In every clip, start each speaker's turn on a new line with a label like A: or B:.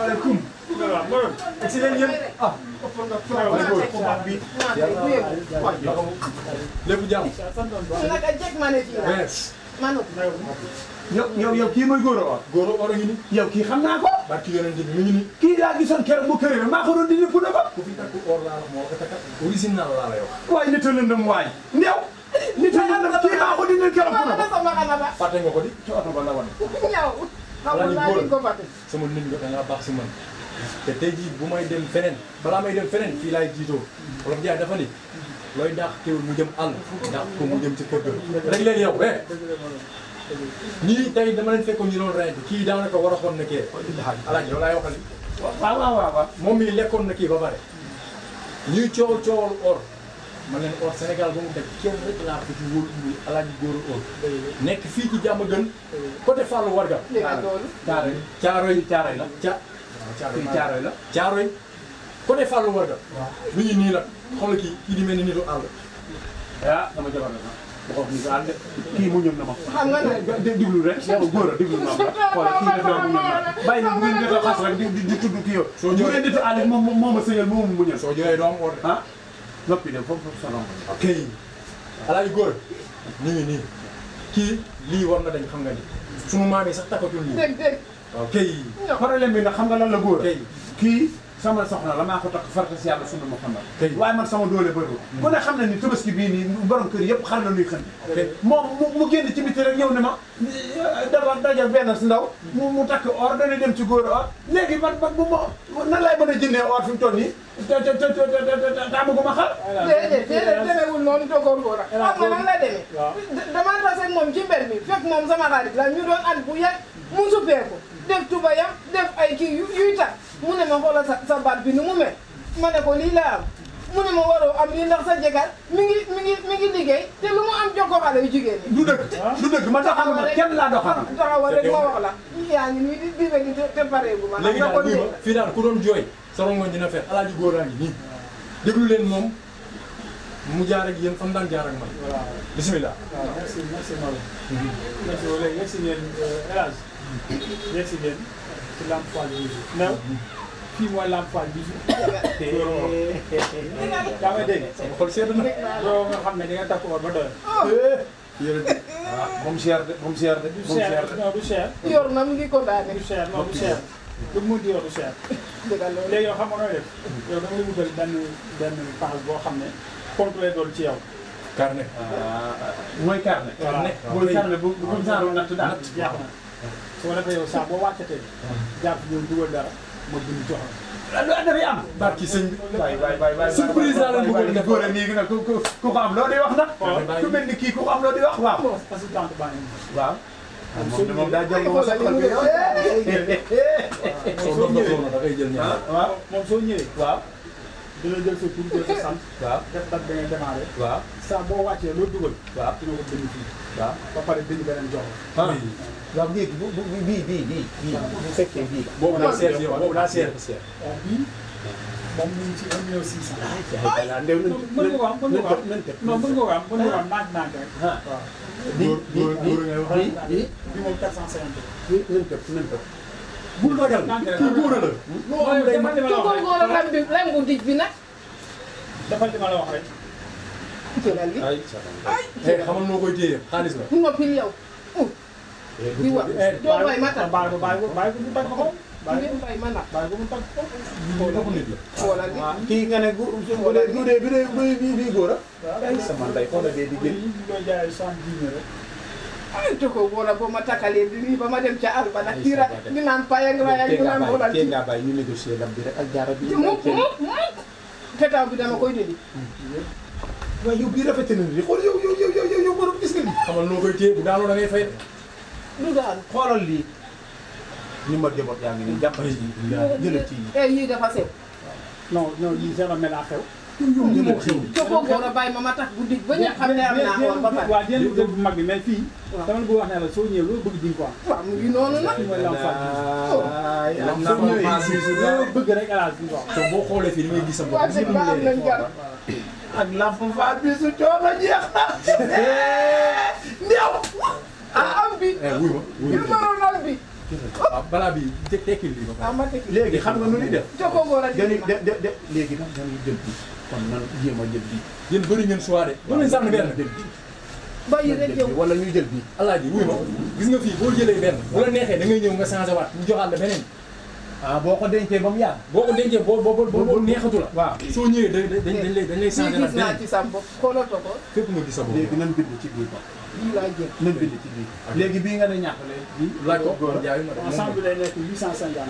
A: asalaamaaleykum. ci leen yéen ah. bi lépp jàmm. yow yow yow kii mooy góor a or. góor a or a ngi nii. yow kii xam naa ko. barki yonent bi mi ngi nii. kii daa gisoon keroog bu kër maa ko doon di nëpp na ba. ku fi takk or laa la moo ko takkat original laa la yow. waaye nit a lëndëm waay. ndew nit a lëndëm ngeen keroog ku nekk fàtte nga ko di ci oto ba la wane. yow ko sama nit nga da baax si man te tey jii bu may dem feneen balaa may dem feneen fii laay jiitoo wala jaay dafa ni looy daax teewul mu jëm àll daax ko mu jëm ci kër ga rek leen yow eh ñii tey dama leen fekkoon ñu doon reyante kii daanaka war a xoon na kee alaaj yow laay waxal waaw waaw waaw moom mii lekkoon na kii ba pare ñuy coow coowal or man leen or Sénégal ba mu daj kenn rek laa ko ci wóor muy alaaji góor óor nekk fii ci jàmm gën côté Fallou Warga caaroy caaroy caaroy la ca fii caaroy la caaroy côté Fallou Warga lu nii la xoolal kii kii di mel ni nitu àll ah dama jabar la boo xam ne kii mu na ma. xam nga ne déglu rek góor a déglu ma xoolal na a moom moo ma sëñal moom mu ñëw. soo jëlee doo am or noppi de foofu foofu sonal ko. ok alaaji ngi nii kii lii war na dañ xam nga ni sunu maam yi sax takkatul lii. dégg dégg waaw kay. problème bi nga xam nga lan la góor. kay kii. sama soxna la maa ko takk farata si yàlla sunna Muhammad waaye man sama doole bëriwul hmm. ku ne xam na ni tabaski bii nii borom kër yëpp xar na nuy xën moom mu génn ci biti rek ñëw ne ma dafa daja benn si ndaw mu takk or dana dem ci góor or léegi man man bu ma na laay mën a jëndee or fi mu toll nii te te te te amaguma xar déedéet déedéet demewul noonu dogoor góor a xam nga nan la moom ci mbel mi fekk moom sama xarit la ñu doon at bu yàgg mu suppeeku def tubayam def ay kii yu yuy tax mu ne ma xoolal sa sa baat bi nu mu mel ma ne ko lii laa am mu ne ma waroo am lii ndax sa jëkkër mi ngi mi ngi mi ngi liggéey te lu mu am jox ko yu jigéen ñi. du du dëgg ma taxaw ma kenn laa doxal. taxawal rek ma wax la. yaa ngi nii di di di te pare bu ma. léegi daal bii fii daal ku doon jooy. sa rongoñ dina feex alaaji góor a ngi nii déglu leen moom mu jaar ak yéen fam daan jaar ak man. waaw bisimilah. jël si leen ci Lamp Fall Bijou na fii mooy Lamp Fall Bijou daa ma dégg sama xol seetlu na doo nga xam ne di nga takk woon ba doyal yéen a moom cher de moom cher de. moom cher de non du cher. yor na mu ngi kontaanee. du cher non du cher. lu mu di yor du cher. dëgg la loolu léegi yow xam nga nooy def. yow da nga dugal benn benn page boo xam ne compte lay doon ci yow. carnet. Ah. mooy carnet. voilà mooy carnet bu bu bu genre natt daal. jaaxal na. su ko defee yow saa boo wàccatee jàpp ñëw dugal dara ma bind jox la. loolu dafay am. barki sëñ bi waay waay waay waay surprise laa leen bëggoon def góor a nii nag ku ko am loo di wax nag. ku mel ni kii ku ko am loo di wax waaw. parce que tante baa ngi waaw. moom moom daa jël moom saxal bi yow. moom soo ñëwee waaw moom soo ñëwee waaw. dina jël sa tur jël sa sant. waaw def date ba ngay démarré. waaw saa boo wàccee loo dugal. waaw dina ko bind fii. waaw ba pare bind beneen jox ko. ah waaw bii bu bu bii bii bii bu fekkee bii. boobu daa seer boobu daa seer seer. waaw bii moom ñu ngi ci un million six cent. ah jaay mën nga ko am mën nga ko am non mën nga ko am mën nga ko am naaj naaj rek. Ah. waaw bii bii bii bii moom quatre cent cinquante. bii nañ tëb nañ tëb. bul ragal pour góor a la. moom day ma tuggul góor a lam bi langu dij bi nag. defal li ma la wax rek. jëlal li ay xamal noo koy téye xaalis la. mu noppil yow. di wax doo bay matal bàyyi ko bàyyi ko bàyyi ko mu tag ko. bàyyi ko bàyyi ma nag bàyyi ko mu tag ko. xoolal nit la xoolal nit kii nga ne bu bu dee bu dee bu dee góor a. ay sama ndey xoolal dee di jël. toko wala boo ma takkalee lii ba ma dem ca àll ba nag. dira ñu naan paaya nga waaye ñu naan wala. tey ngaa bàyyi ñu négocier lab bi rek ak jaara bi. mu mu mu fetaaw bi dama koy dindi. waaw yow bii rafet na ni xool yow yow yow yow yow yow borom gis nga nii. xamal noo da ngay fay. du daal ni ma jëboot yaa ngi nii jàppale ci. jëlee eh, ci yii dafa sew. non non lii sama ko bëggoon a bàyyi ma ma tax guddi ba ñëpp xam ne am naa woon bu mag bi mais fii. waaw dama wax ne la soo ñëwee loolu bëgg di ko am. boo xoolee fii ni ngay gis a bopp. ak lam faat bi su coono jeex na. Eh, néew. Ah, am bi. Eh, wuy ma wuy ma waaw balaa bi te tekkil lii ba pare. Ah, léegi xam nga nu ñuy def. jokkoo nga war a jënd de de de léegi nag dañuy jël bi kon nan jéem a jël bi yéen bëri ngeen choix de. waaw bëri sànni benn. bàyyi rek yow wala ñuy jël bi ji wuy ma gis nga fii boo jëlee benn. boo la neexee da ngay ñëw nga changé waat ñu joxaat la beneen. ah boo ko dencee ba mu yàgg. boo ko dencee boo boo boo neexatu la. soo ñëwee dañ dañ dañ lay dañ lay. changé waat beneen fii gis naa ci sa bopp xoolatoo ko. fépp nga gis sa bopp léegi nan ci biir bopp lii laa jël. nañ bind ci biir. léegi bii nga ne ñaata lay. bii laaj ko jaay ma ensemble bi lay nekk 850.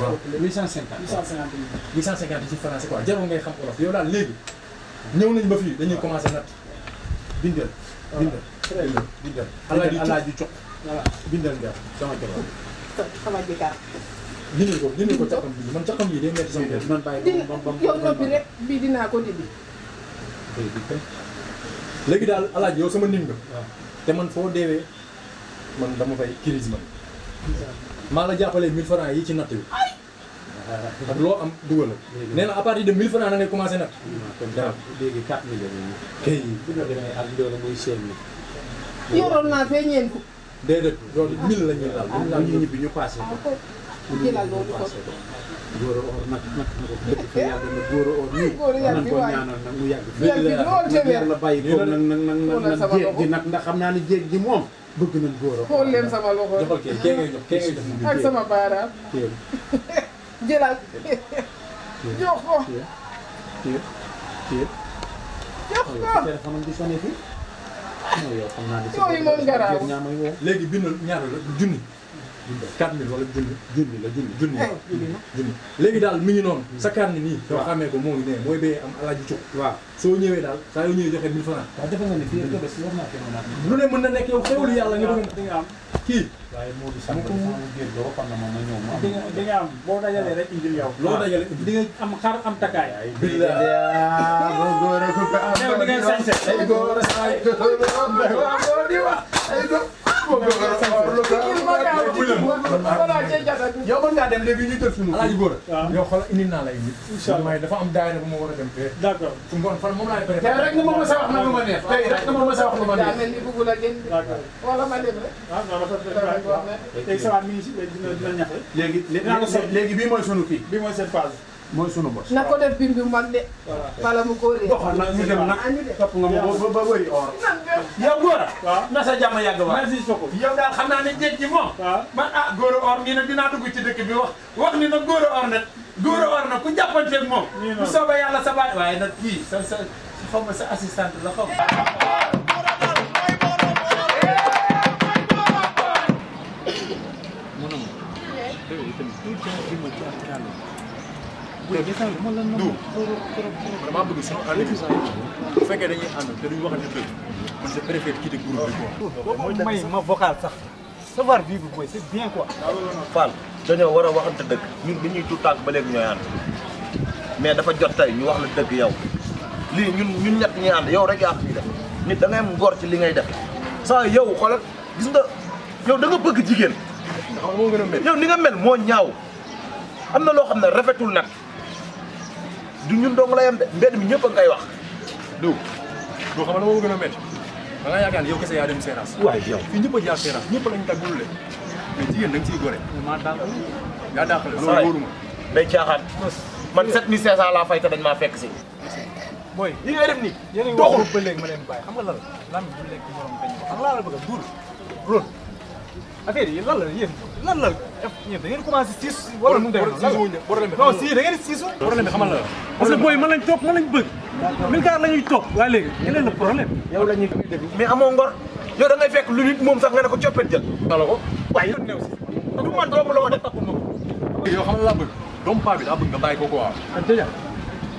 A: waaw 850 850 850 ci français quoi jarul ngay xam olof yow daal léegi ñëw nañ ba fii dañuy commencé natt bindal. bindal très bien bindal. alaaj alaaj ju cox. voilà bindal nga sama jabar. sama jëkkër. dindi ko dindi ko caqam bi man yi day metti sama man bàyyi ko man yow rek bii dinaa ko dindi. léegi daal alaaj yow sama nim nga te man foo deewee man dama fay crise man maa la jàppalee 1000 francs yi ci natt bi ak loo am dugal la nee na à partir de 1000 da ngay commencé natt waaw léegi 4 millions kay ñu demee ak loolu muy seen ni yoroon naa fee ñeen ko déedéet loolu 1000 la ñuy laal ñu ñibbi ñu passé ah, ko
B: jëlal loolu
A: góor a oor nag nag dëgg yàlla na góor nag mu yàgg nag nag nag nag jéeg ji nag ndax xam naa ne jéeg ji moom bëgg nañ góor a xool leen sama loxo joxal kee kee ak sama baaraam jëlal jox ko jox ko téléphone am bi sonné fi yow léegi bindal ñaar la junni quatre mille wala junni junni la junni junni junni sa carnet nii soo xamee ko moo ngi ne mooy béyee am alaaji cug waaw soo ñëwee daal saa yoo ñëwee joxe mille francs waaw defe nga ne fii lu ne mën na nekk yow xewlu yàlla nga bëgg di nga am kii waaye moo di sant di nga di nga am boo dajalee rek indil yow nga am xar ubbi leen yow mën ngaa dem léegi ñu jël suñu alaaji góor a yow xoolal indi naa lay nit incha allah dafa am daayira bu ma war a dem fee d'accord ngoon fan moom laay tey rek nga ma mës a wax na lu ma neex tey rek nga ma mës a wax lu ma neex mel ni bëggu la génn wala ma dem rek léegi bii mooy sunu kii bii mooy seen page mooy sunu bos. na ko def bim bi mag de. bala mu góor yi. doxal nag ñu dem nag topp nga ma ba ba bëri or. yow góor a. na sa jàmm yàgg waay. merci beaucoup yow daal xam naa ne jéeg ji moom. man ah góor a or nii nag dinaa dugg ci dëkk bi wax wax ni nag góor a or nag. góor a or nag ku jàppanteeg moom. bu soobee yàlla sa baay waaye nag kii sa sa xaw ma sa assistante la xaw ma. dama bëgg suñu ànd bi bu fekkee dañuy ànd te duñ waxante dëgg man je préfère quitter groupe bi quoi. may ma vocal sax savoir vivre quoi c'est bien quoi. Fall dañoo war a waxante dëgg ñun bi ñuy tuut tànk ba léegi ñooy ànd mais dafa jot tay ñu wax la dëgg yow lii ñun ñun ñett ñuy ànd yow rek yaa fi def nit da ngay am ngor ci li ngay def saa yow xoolal gis nga yow da bëgg jigéen. yow ni nga mel moo ñaaw am na loo xam ne rafetul nag. du ñun dong la yem de mi ñëpp a ngi koy wax. Dóo boo xam ne moo gën a métti da ngaa yaakaar yow kese yaa dem Seras. waaw yow fii ñëpp a jaar Seras ñëpp lañ daggul le mais jigéen da nga ciy gore. maa dàqal yaa dàqale loolu wóoruma. day caaxaan man 7500 laa fay te dañ maa fekk si. mooy yi ngay def nii. yéen a ngi ba léegi ma leen bàyyi xam nga lan la lan bu léegi morom la bëgg a duur loolu affaire yi lan la lan la ñun da ngeen commencé siis wala nu mu demee noonu problème bi non si da ngeen siisu problème bi xamal la parce que booy mën lañ topp mën lañ bëgg Milkaar la ñuy topp waaye léegi yeneen la problème yow la ñuy dégg mais amoo ngor yow da ngay fekk lu nit moom sax nga ne ko coppet jël ala ko waaye néew si du man doomu la ma def tappul ma yow xamal laa bëgg doomu paa bi daa bëgg nga bàyyi ko quoi déjà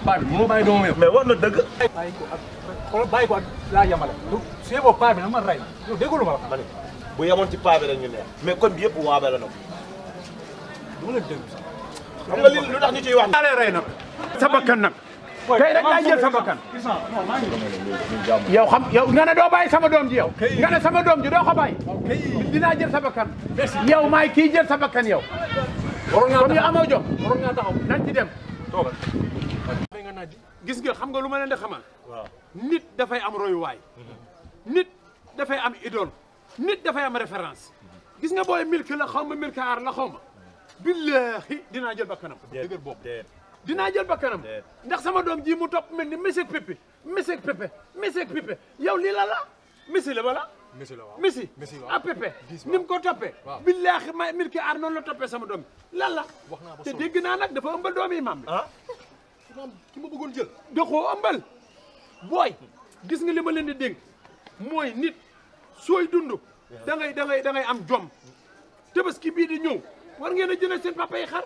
A: paa bi mënoo bàyyi doomu yow mais war na dëgg bàyyi ko ak bàyyi ko ak laa yamale su yeboo paa bi na ma ray yow déggulu ma la bu yemoon ci paa bi rek ñu neex mais kon bi yëpp waabe la na ko. du lu tax ñu ciy wax. daal rey nag sa bakkan nag.
B: tey rek laa jël sa bakkan.
A: xam yow nga ne doo bàyyi sama doom ji yow. sama doom ji doo ko bàyyi. dinaa jël sa bakkan. yow maay kii jël sa bakkan yow. waroon naa taxaw comme yow amoo jom. waroon naa taxaw nañ ci dem. gis nga xam nga lu ma leen di xamal. nit dafay am waay mhm. nit dafay am idole. nit dafay am référence gis nga booy milki la xaw ma milki aar la xaw ma billaahi dinaa jël bakkanam dëgër boobu dinaa jël bakkanam ndax sama doom jii mu topp mel ni monsieur Pépé monsieur Pépé monsieur Pépé yow lii la la monsieur la bala Messi la waaw Messi ah Pepe ni mu ko toppee. waaw billaahi ma milki aar noonu la toppee sama doom bi la. wax naa ba te dégg naa nag dafa ëmbal doomi maam bi. ah maam ki ma bëggoon jël. da koo ëmbal. booy gis nga li ma leen di dénk mooy nit. sooy dund da ngay da ngay da ngay am jom tabaski bii di ñëw war ngeen a jëlee seen papa yi xar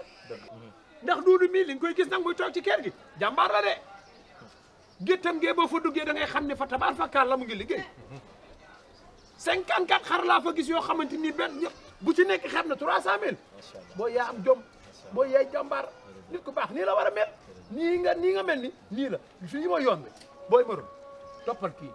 A: ndax duudu mii li nga koy gis nag muy toog ci ker gi jàmbaar la de géttam gee boo fa duggee da ngay xam ni fa tabaar fa kaar la mu ngi liggéey 54 xar laa fa gis yoo xamante ni benn bu ci nekk xar na 300000 boo yaa am jom boo yaay jàmbaar nit ku baax nii la war a mel nii nga nii mel ni nii la fii ma yoon bi booy marum toppal kii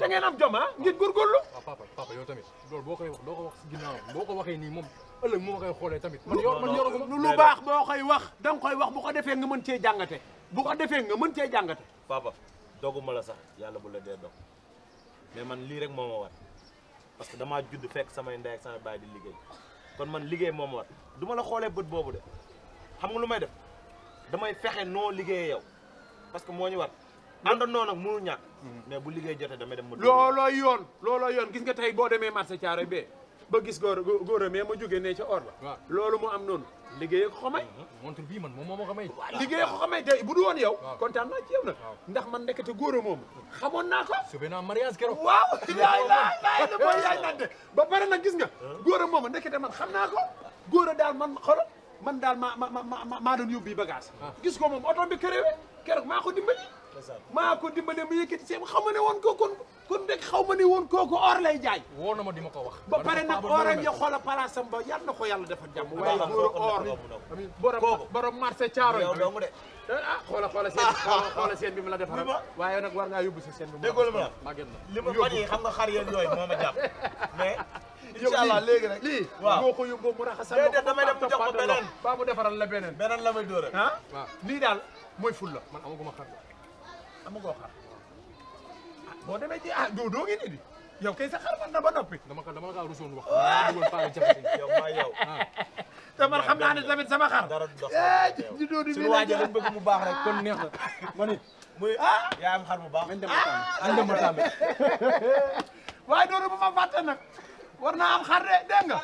A: te ngeen am jom ah ngeen góorgóorlu. waaw ah, papa yow tamit loolu boo koy wax doo ko wax si ginnaawam boo ko waxee nii moom ëllëg moo koy xoolee tamit. man yow man yoraguma lu baax boo koy wax da koy wax bu ko defee nga mën cee jàngate. bu ko defee nga mën cee jàngate. papa doguma la sax yàlla bu la dee dog mais man lii rek moo ma war parce que damaa judd fekk samay ndey ak samay baay di liggéey kon man liggéey moo ma war du ma la xoolee bët boobu de xam nga lu may def damay fexe noo liggéeyee yow parce que moo ñu àndandoo nag mënul ñàkk mais bu liggéey jotee damay dem ma loolooy yoon loolooy yoon gis nga tey boo demee marché Thiaroye bee ba gis góor góor mais ma jógee ne ca or la loolu mu am noonu liggéey ko xamay montre bii man moom moo ma xamay liggéey ko xamay tey bu du woon yow kontaan naa ci yow nag ndax man ndekete góor a moom xamoon naa ko sube naa mariage keroog waaw yaay laa laay la mooy ba pare nag gis nga góor a moom ndekete man xam naa ko góor daal man xolo man daal ma ma ma maa doon yóbbu bagage ah. gis ko moom oto bi këréwe keroog maa ko dimbali maa ko dimbale mu yëkkati ceeb xaw ma ne woon ko kon kon rek xaw ma ne woon kooku or lay jaay. woo na ma di ma ko wax. ba pare nag oram ya xoola palaasam ba yal na ko yàlla dafa jàmm. waaye góor or borom borom marché caaro yi. ah xoola la defaral waaye nag war ngaa yóbbu sa seen bi. déggoo la ma màgget na li ma bañ xam nga xar yéen yooyu moo ma jàpp mais. ko yóbboo mu raxasal déedéet damay dem jox ko beneen baa mu defaral la beneen beneen la may dóore ah waaw lii daal mooy ful la man amaguma xar la amagoo xar ah boo demee ci ah doo ngi nii di yow kay sa xar man na ba noppi. dama ko dama la kaa rusoon wax. waaw dama la yow maa yow. te man xam naa ne tamit sama xar. dara du dox di doon di bëgg mu baax rek kon neex na ma ni muy ah yaa am xar bu baax. nañ dem ba tàmbali nañ dem ba tàmbali. waaye doon bu ma fàtte nag war naa am xar de dégg nga.